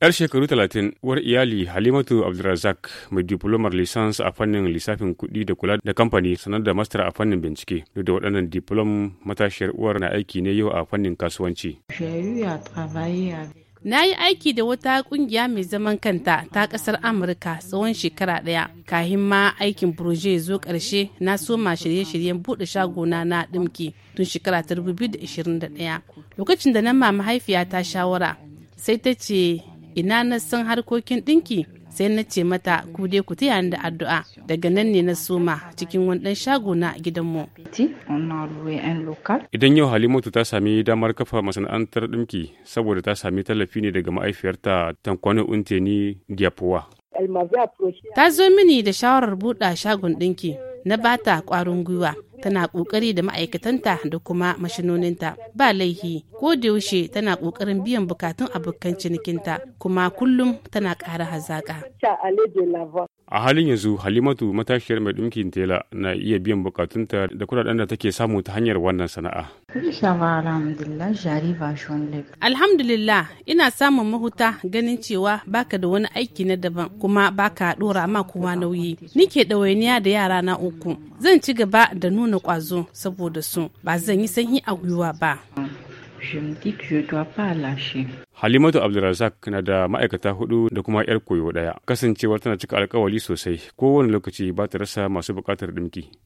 'Yar shekaru talatin uwar iyali Halimatu Abdulrazak mai diplomar lisans a fannin lissafin kuɗi da kula da kamfani sanar da master a fannin bincike. Duk da waɗannan diplom matashiyar uwar na aiki ne yau a fannin kasuwanci. Na yi aiki da wata kungiya mai zaman kanta ta kasar Amurka tsawon shekara ɗaya. Kahin ma aikin proje zo karshe na soma shirye-shiryen buɗe shagona na ɗimki tun shekara ta 2021. Lokacin da nan ma mahaifiya ta shawara sai ta ce ina na san harkokin dinki sai na ce mata ku dai ku taya da addu'a daga nan ne na soma cikin wani dan shago na gidanmu. Idan yau Halimatu ta sami damar kafa masana'antar ɗinki saboda ta sami tallafi ne daga ma'aifiyarta Tankwane Unteni Diapowa. Ta zo mini da shawarar buɗa shagon ɗinki na bata ƙwarin gwiwa tana kokari da ma'aikatanta da kuma mashinoninta ba laihi ko da yaushe tana kokarin biyan bukatun abokan cinikinta kuma kullum tana ƙara hazaƙa a halin yanzu halimatu matashiyar mai ɗinkin tela na iya biyan bukatunta da kudaden da take samu ta hanyar wannan sana'a alhamdulillah ina samun mahuta ganin cewa baka da wani aiki na daban kuma baka ɗora ma kuma nauyi ni ke ɗawainiya da yara na uku zan ci gaba da nuna ƙwazo saboda su ba zan yi sanyi a gwiwa ba je Halimatu Abdulrazak na da ma'aikata hudu da kuma 'yar koyo daya. Kasancewar tana cika alkawali sosai, kowane lokaci ba ta rasa masu bukatar ɗinki.